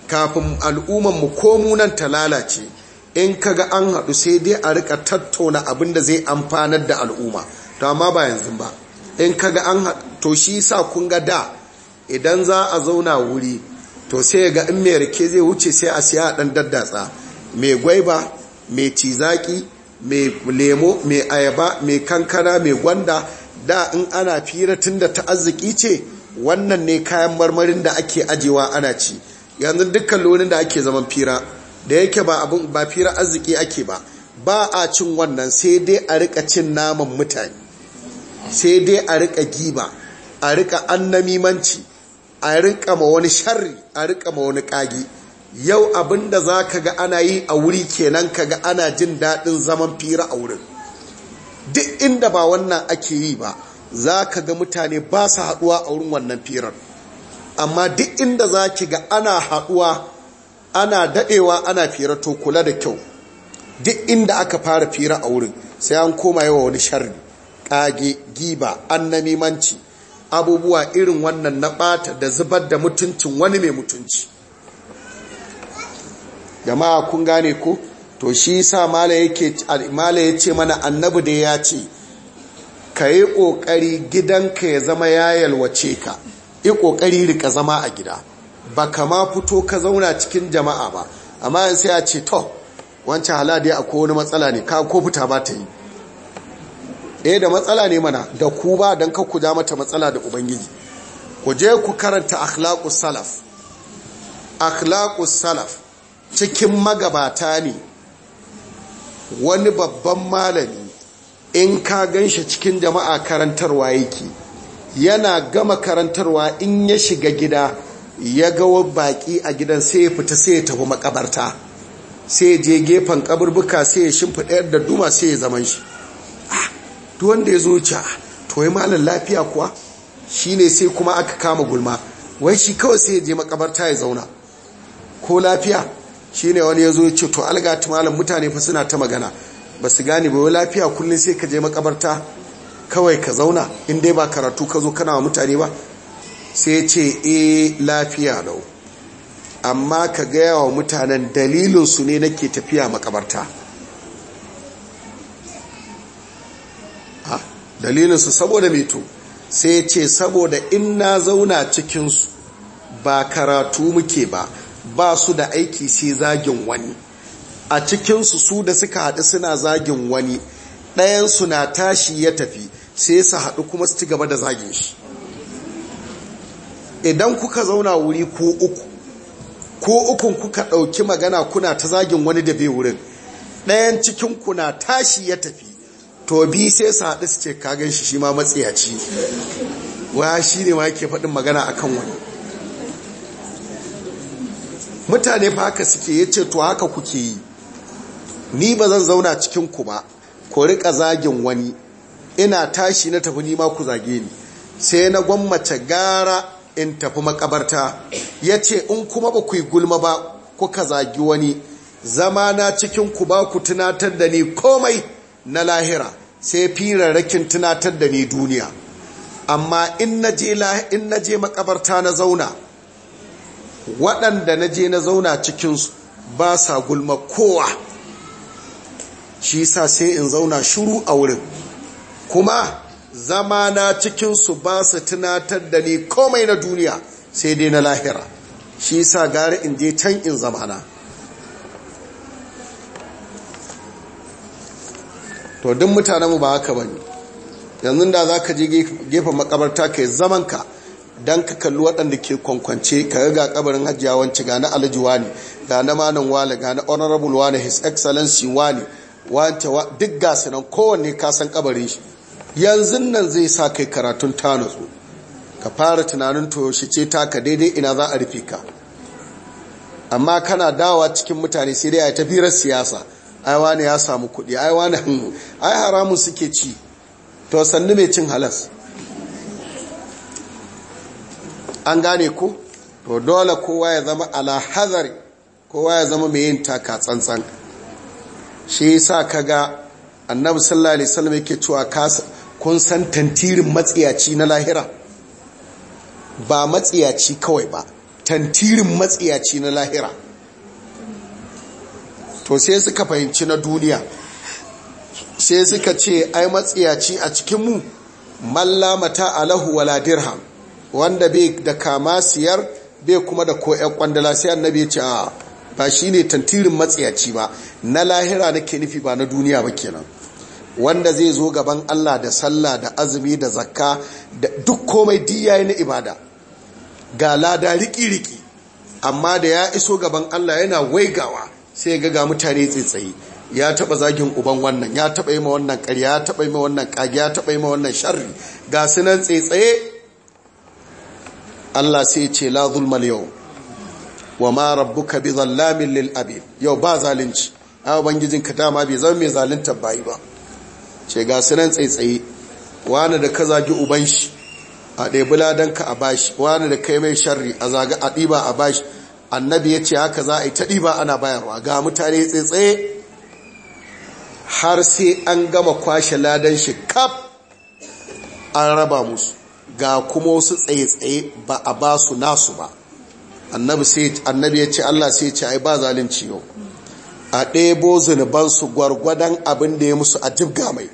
kafin al'ummanmu ko munan ta lalace in kaga an haɗu sai dai a rika tattauna abin da zai amfanar da al'umma to amma ba yanzu ba in kaga an haɗu to shi sa kun ga da idan za a zauna wuri to sai ga in mai rike zai wuce sai a siya a daddatsa mai gwaiba mai cizaki mai lemo mai ayaba mai kankana mai gwanda da in ana fira tun da ta arziki ce wannan ne kayan marmarin da ake ajewa ana ci yanzu dukkan lonin da ake zaman fira da yake ba abin ba fira arziki ake ba ba a cin wannan sai dai a rika cin naman mutane sai dai a rika giba a rika annamimanci a rinka ma wani sharri a rinka ma wani kagi yau abinda za ka ga ana yi a wuri kenan ka ga ana jin daɗin zaman fira a wurin duk inda ba wannan ake yi ba za ka ga mutane ba su haɗuwa a wurin wannan firar amma duk inda za ki ga ana haɗuwa ana daɗewa ana fira to kula da kyau duk inda aka fara fira a wurin sai an koma yawa wani sharri ƙage giba an annamimanci abubuwa irin wannan na ɓata da zubar da mutuncin wani mai mutunci jama'a kun gane ko to shi sa mala ya ce mana annabi da ya ce ka yi ƙoƙari gidanka ya zama ya yalwace ka yi ƙoƙari rika zama a gida ba kama fito ka zauna cikin jama'a ba amma sai a ce to wancan haladi a wani matsala ne ka ko fita ba ta yi eh da matsala ne mana da ku ba don ku ja mata matsala da ubangiji ku je ku karanta akhlaqus salaf akhlaqus salaf cikin magabata ne wani babban malami in ka ganshi cikin jama'a karantarwa yake yana gama karantarwa in ya shiga gida ya ga baki a gidan sai ya fita sai ya tafi makabarta sai ya je gefen kaburbuka sai ya shimfiɗa da duma sai ya zaman shi duk wanda ya zo ca to yi malar lafiya kuwa shi ne sai kuma aka kama gulma wai shi kawai sai ya je makabarta ya zauna ko lafiya shi ne wani ya zo ce to algati mallam mutane fa suna ta magana ba su gane ba wai lafiya kullum sai ka je makabarta kawai ka zauna in dai ba karatu ka zo kana wa mutane ba sai ya ce e lafiya lau amma ka gaya wa mutanen dalilinsu ne nake tafiya makabarta dalilinsu saboda mito sai ce saboda in na zauna cikinsu ba karatu muke ba ba su da aiki sai zagin wani a cikinsu su da suka haɗu suna zagin wani ɗayansu na tashi ya tafi sai su haɗu kuma su ci gaba da zagin shi idan kuka zauna wuri ko uku ko ukun kuka ɗauki magana kuna ta zagin wani da bai wurin ɗayan cikinku na tashi ya tafi to bi sai su haɗu su ce gan shi shi ma matsiyaci waya shi ne ma yake faɗin magana a kan wani mutane fa haka suke ya ce to haka kuke yi ni ba zan zauna cikin ku ba ko riƙa zagin wani ina tashi na tafi nima ku zage ni sai na gwammace gara in tafi makabarta ya ce in kuma ba ku yi gulma ba kuka zagi wani zama na cikin ku ba ku tunatar da ni komai na lahira sai firarrakin tunatar da ni duniya amma in na je makabarta na zauna waɗanda na je na zauna cikinsu ba sa gulma kowa shi sa sai in zauna shuru a wurin kuma zama na cikinsu ba su tunatar da ni komai na duniya sai dai na lahira shi sa gari in je can in zama na to duk mutanenmu ba haka ba ne. yanzu da za ka je gefen makabarta ka yi zamanka don ka kalli waɗanda ke kwankwance ka ga kabarin hajjiya wance ga na alhaji wani ga na manan wale ga na honorable wani his excellency wani wance duk gasi nan kowanne kasan san kabarin shi yanzu nan zai sa kai karatun tanusu ka fara tunanin to shi ce taka daidai ina za a rufe ka amma kana dawa cikin mutane sai dai a tafiyar siyasa aiwa ne ya samu kuɗi aiwa ne <laughs> ai haramun suke ci to sannu mai cin halas an gane ku. to dole kowa ya zama ala hazari kowa ya zama mai yin taka tsantsan shi yasa kaga annabi sallallahu alaihi wasallam yake cewa kasa kun san tantirin matsiyaci na lahira ba matsiyaci kawai ba tantirin matsiyaci na lahira to sai suka fahimci na duniya sai suka ce ai matsiyaci a cikinmu mata alahu wala dirham wanda bai da kama siyar bai kuma da ko ƴan kwandala sai annabi ce a ba shine tantirin matsiyaci ba na lahira nake nufi ba na duniya ba kenan wanda zai zo gaban Allah da sallah da azumi da zakka da duk komai diya na ibada ga lada riki riki amma da ya iso gaban Allah yana waigawa sai ga ga mutane tsaitsaye ya taba zagin uban wannan ya taba yi ma wannan ƙarya ya taba yi ma wannan ƙage ya taba yi ma wannan sharri ga sunan tsaitsaye Allah sai ce la zulmal yau wa ma rabbuka bi zallamin lil abid yau ba zalunci a ka dama bai zama mai zalunta bayi ba ce ga sunan tsaitsaye wani da ka zagi uban shi a ɗebi ka a bashi wani da kai mai sharri a zaga a ɗiba a bashi annabi ya ce haka za a yi taɗi ba ana bayarwa ga mutane tsaye har sai an gama kwashe ladan shi kaf an raba musu ga kuma wasu tsaye-tsaye ba a ba su nasu ba annabi ya ce Allah sai ce ai ba zalunci yau a ɗebo zunubansu gwargwadon abin da ya musu a jibga mai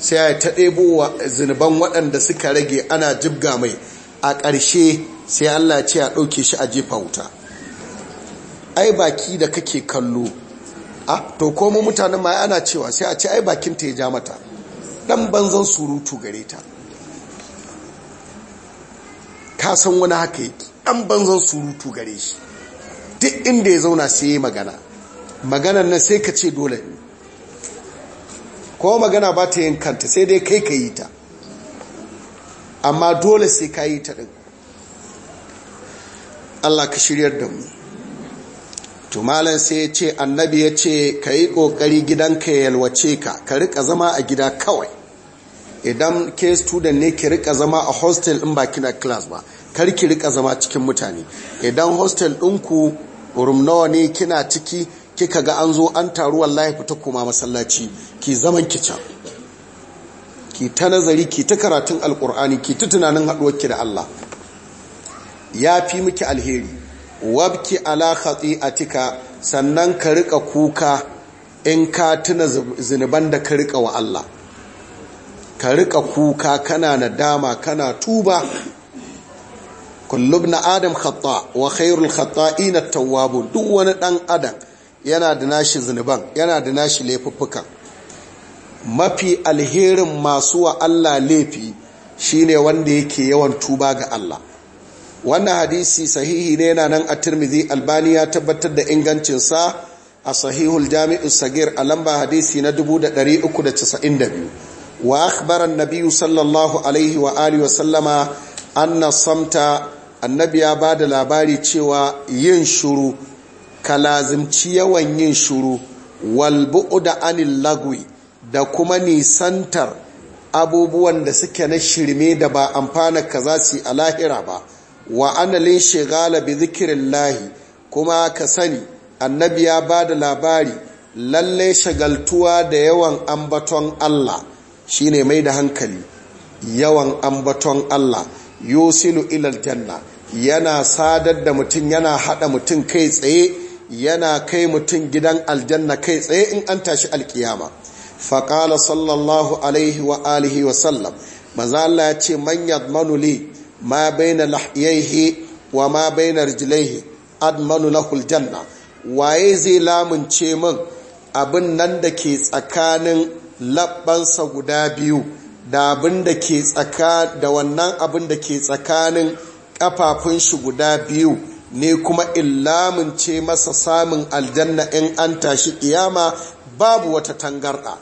sai ya ta ɗebo zunuban waɗanda suka rage ana jibga mai a ƙarshe sai Allah ce a ɗauke shi a jefa wuta ai baki da kake kallo a to komo mutanen ma ana cewa sai a ci ai bakin ta ya ja mata dan banzan surutu gare ta ka san wani haka yake dan banzan surutu gare shi duk inda ya zauna sai ya magana maganan nan sai ka ce dole ko magana ba ta yin kanta sai dai kai ka yi ta amma dole sai ka yi ta ɗin Allah ka shiryar da mu tumalan sai ya ce annabi ya ce ka yi ƙoƙari gidanka ya yalwace ka ka rika zama a gida kawai idan ke student ne ki rika zama a hostel in ba kina class ba kar ki rika zama cikin mutane idan hostel ɗinku room nawa ne kina ciki kika ga an zo an taru wallahi fita kuma masallaci ki zaman ki can ki ta nazari ki ta karatun Alƙur'ani ki ta tunanin ki da Allah ya fi miki alheri wabki ala tika sannan ka rika kuka in ka tuna zinuban da ka rika wa Allah ka rika kuka kana nadama kana tuba na adam khata wa khairul khata'in at-tawwabun duk wani dan adam yana da nashi zinuban yana da nashi laifuffuka mafi alherin masu wa Allah laifi shine wanda yake yawan tuba ga Allah wannan hadisi sahihi ne yana nan a turmizi albani ya tabbatar da ingancinsa a sahihul jami'u sagir a lamba hadisi na 392 wa akhbara an sallallahu alaihi wa alihi wa sallama anna samta annabi ya da labari cewa yin shuru lazimci yawan yin shuru wal bu'da anil lagwi da kuma nisantar abubuwan da suke na shirme da ba amfana ka za su a lahira ba wa annalin shigala bi zikirin kuma ka sani annabi ya ba da labari lalle shagaltuwa da yawan ambaton Allah shi ne mai da hankali yawan ambaton Allah yosilu ilal janna yana sadar da mutum yana hada mutum kai tsaye yana kai mutum gidan aljanna kai tsaye in an tashi alkiyama faƙala sallallahu alaihi wa alihi wa sallam maza Allah ya ce man yadmanu ma baina lahyaihi wa ma baina rijlaihi admanu lahul janna waye zai lamunce min abin nan da ke tsakanin labbansa guda biyu da abin da ke tsaka da wannan abin da ke tsakanin kafafun shi guda biyu ne kuma lamunce masa samun aljanna in an tashi kiyama babu wata tangarda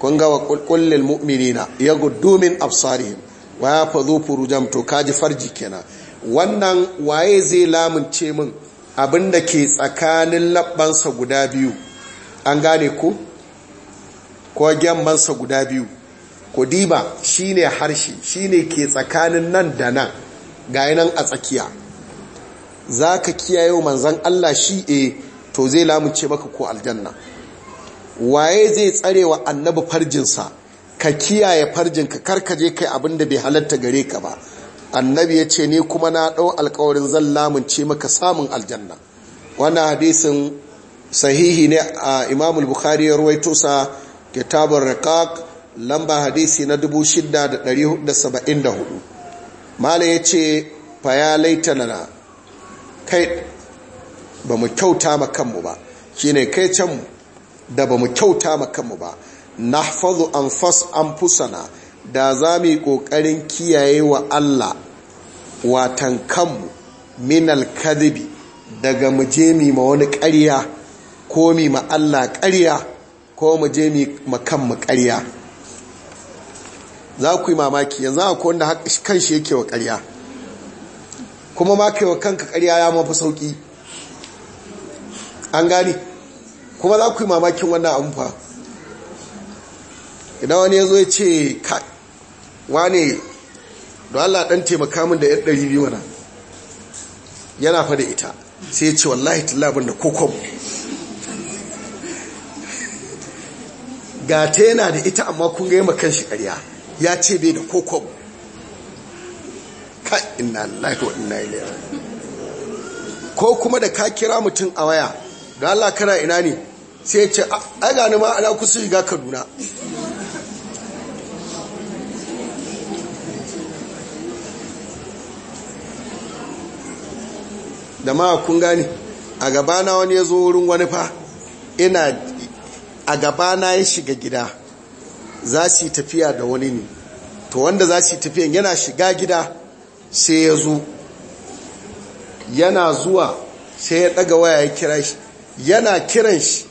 kun ga wa kullil mu'minina ya gudumin min absarihim wa ya fazo furujam to kaji farji kenan wannan waye zai lamunce min abinda ke tsakanin labbansa guda biyu an gane ko ko gyammansa guda biyu kudiba shine harshe shine ke tsakanin nan da nan ga nan a tsakiya za ka kiyaye manzan Allah shi eh, to zai lamunce maka ko aljanna waye zai tsare wa annabi farjinsa ka kiyaye farjinka kar ka je kai abin da bai halatta gare ka ba annabi ya ce ni kuma na ɗau alkawarin zan lamunce maka samun aljanna wannan hadisin sahihi ne a imam bukhari ya ruwaito sa kitabun lamba hadisi na 6474 malam ya ce fa ya laita lana kai ba mu kyauta ma kanmu ba shine kai can da ba mu kyauta ma kanmu ba Na nahfazu an fusana da za mu yi kokarin kiyaye wa Allah watan kanmu min alkadibi daga mu je mi ma wani ƙarya ko mi ma Allah ƙarya ko mu je mi ma kanmu ƙarya za ku yi mamaki yanzu akwai wanda kan shi yake wa ƙarya kuma ma kai wa kanka ƙarya ya mafi sauƙi an gani kuma za ku yi mamakin wannan amfa idan wani ya zo ya ce wane da Allah dan taimaka min da 100 mana yana fa da ita sai ya ce wallahi tallabin da kokon ga ta yana da ita amma kun ga yi makan shi karya ya ce bai da kokon ka inna laifin wadanda ya lera ko kuma da ka kira mutum a waya da Allah kana ina ne sai ya ce a gani ma ana kusa shiga Kaduna da ma kun gani a gabana wani ya zo wurin wani fa ina a gabana ya shiga gida za su yi tafiya da wani ne to wanda za su yi tafiya yana shiga gida sai ya zo yana zuwa sai ya daga waya ya kira shi yana kiran shi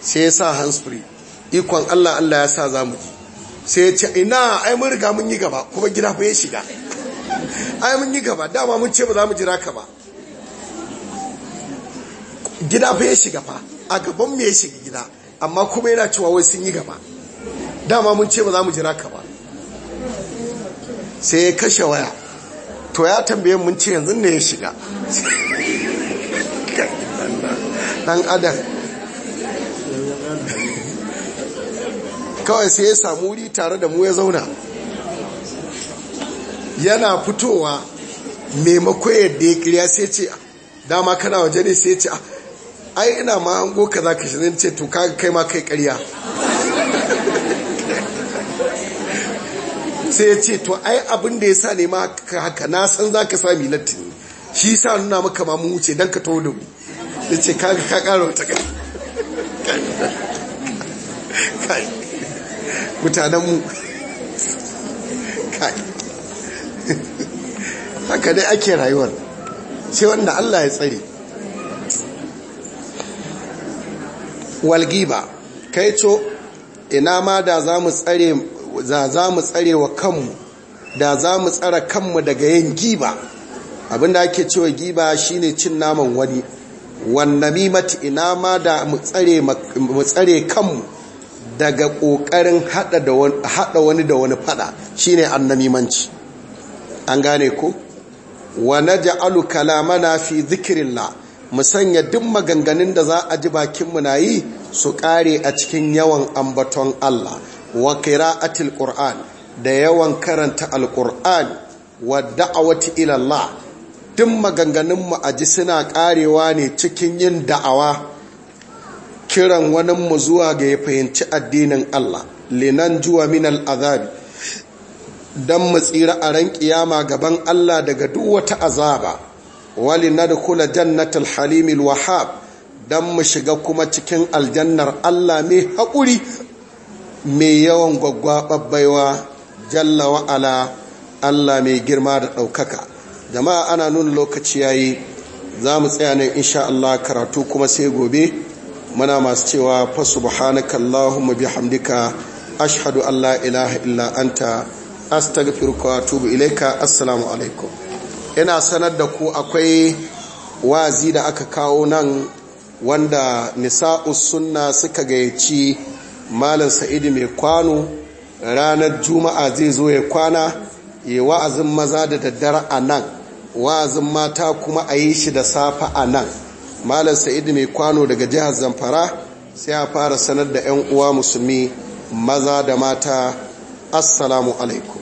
sai ya sa handsfree ikon Allah Allah ya sa za mu ji sai ya ce ina ai mun riga mun yi gaba kuma gida fa ya shiga <laughs> ai mun yi gaba dama mun ce ba za mu jira ka ba gida fa ya shiga fa a gaban mu ya shiga gida amma kuma yana cewa wai sun yi gaba dama mun ce ba za mu jira ka ba sai ya kashe waya to ya tambaye mun ce yanzu ne ya shiga <laughs> dan adam kawai sai ya samu wuri tare da mu ya zauna yana fitowa maimako yadda ya kiriya sai ce dama kana waje ne sai ce ah, ai ina ma an goka za ka shi ce to kaga kai ma kai karya sai ya ce to ai abin da ya sa ne ma haka na san za ka sami latin shi sa nuna maka ma mu wuce don ka to da mu ya ce kaga ka kara wata kai mutanenmu kai haka dai ake rayuwar sai wanda Allah ya tsare walgiba kai co ina ma da za mu tsare wa kanmu da za mu tsara kanmu daga yin giba abinda ake cewa giba shine cin naman wani wannan mata ina ma da mu tsare kanmu daga ƙoƙarin haɗa wani da wani fada shine annamimanci an gane ko wa naj'alu kalamana fi dhikrillah mu sanya duk maganganun da za a ji bakinmu na yi su ƙare a cikin yawan ambaton Allah wa qira'atil qur'an da yawan karanta alqur'an wa da'awati ila Allah duk maganganun mu ji suna ƙarewa ne cikin yin da'awa kiran wani mu zuwa ga ya fahimci addinin Allah linan juwa min al'azabi dan mu tsira a ran kiyama gaban Allah daga duk wata azaba wali nadkhula jannatal halimil wahab dan mu shiga kuma cikin aljannar Allah mai haƙuri mai yawan gwaggwaɓar baiwa jalla wa'ala Allah mai girma da ɗaukaka jama'a ana nuna lokaci yayi za mu tsaya nan insha Allah karatu kuma sai gobe muna masu cewa fa subhanaka allahumma bihamdika ashhadu an la ilaha illa anta astaghfiruka wa atubu ilaika assalamu alaikum yana sanar da ku akwai wazi da aka kawo nan wanda nisa'us sunna suka gayyaci malam sa'idi mai kwano ranar juma'a zai zo ya kwana ya wa'azin maza da daddare a nan wa'azin mata kuma a yi shi da safa a nan malam sa'idi mai kwano daga jihar zamfara sai a fara sanar da 'yan uwa musulmi maza da mata assalamu alaikum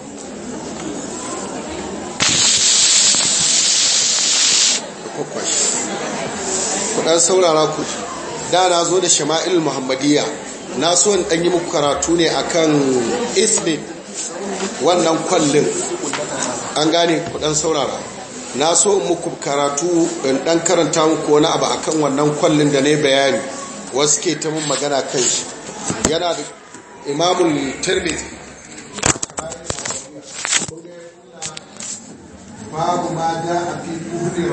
dan saurara ku da na zo da shama'il muhammadiyya na so in dan yi muku karatu ne akan ismi wannan kwallin an gane ku dan saurara na so in muku karatu in dan karanta muku wani abu akan wannan kwallin da ne bayani wasu ke ta mun magana kan shi yana da imamul tirmidhi babu ma da a fi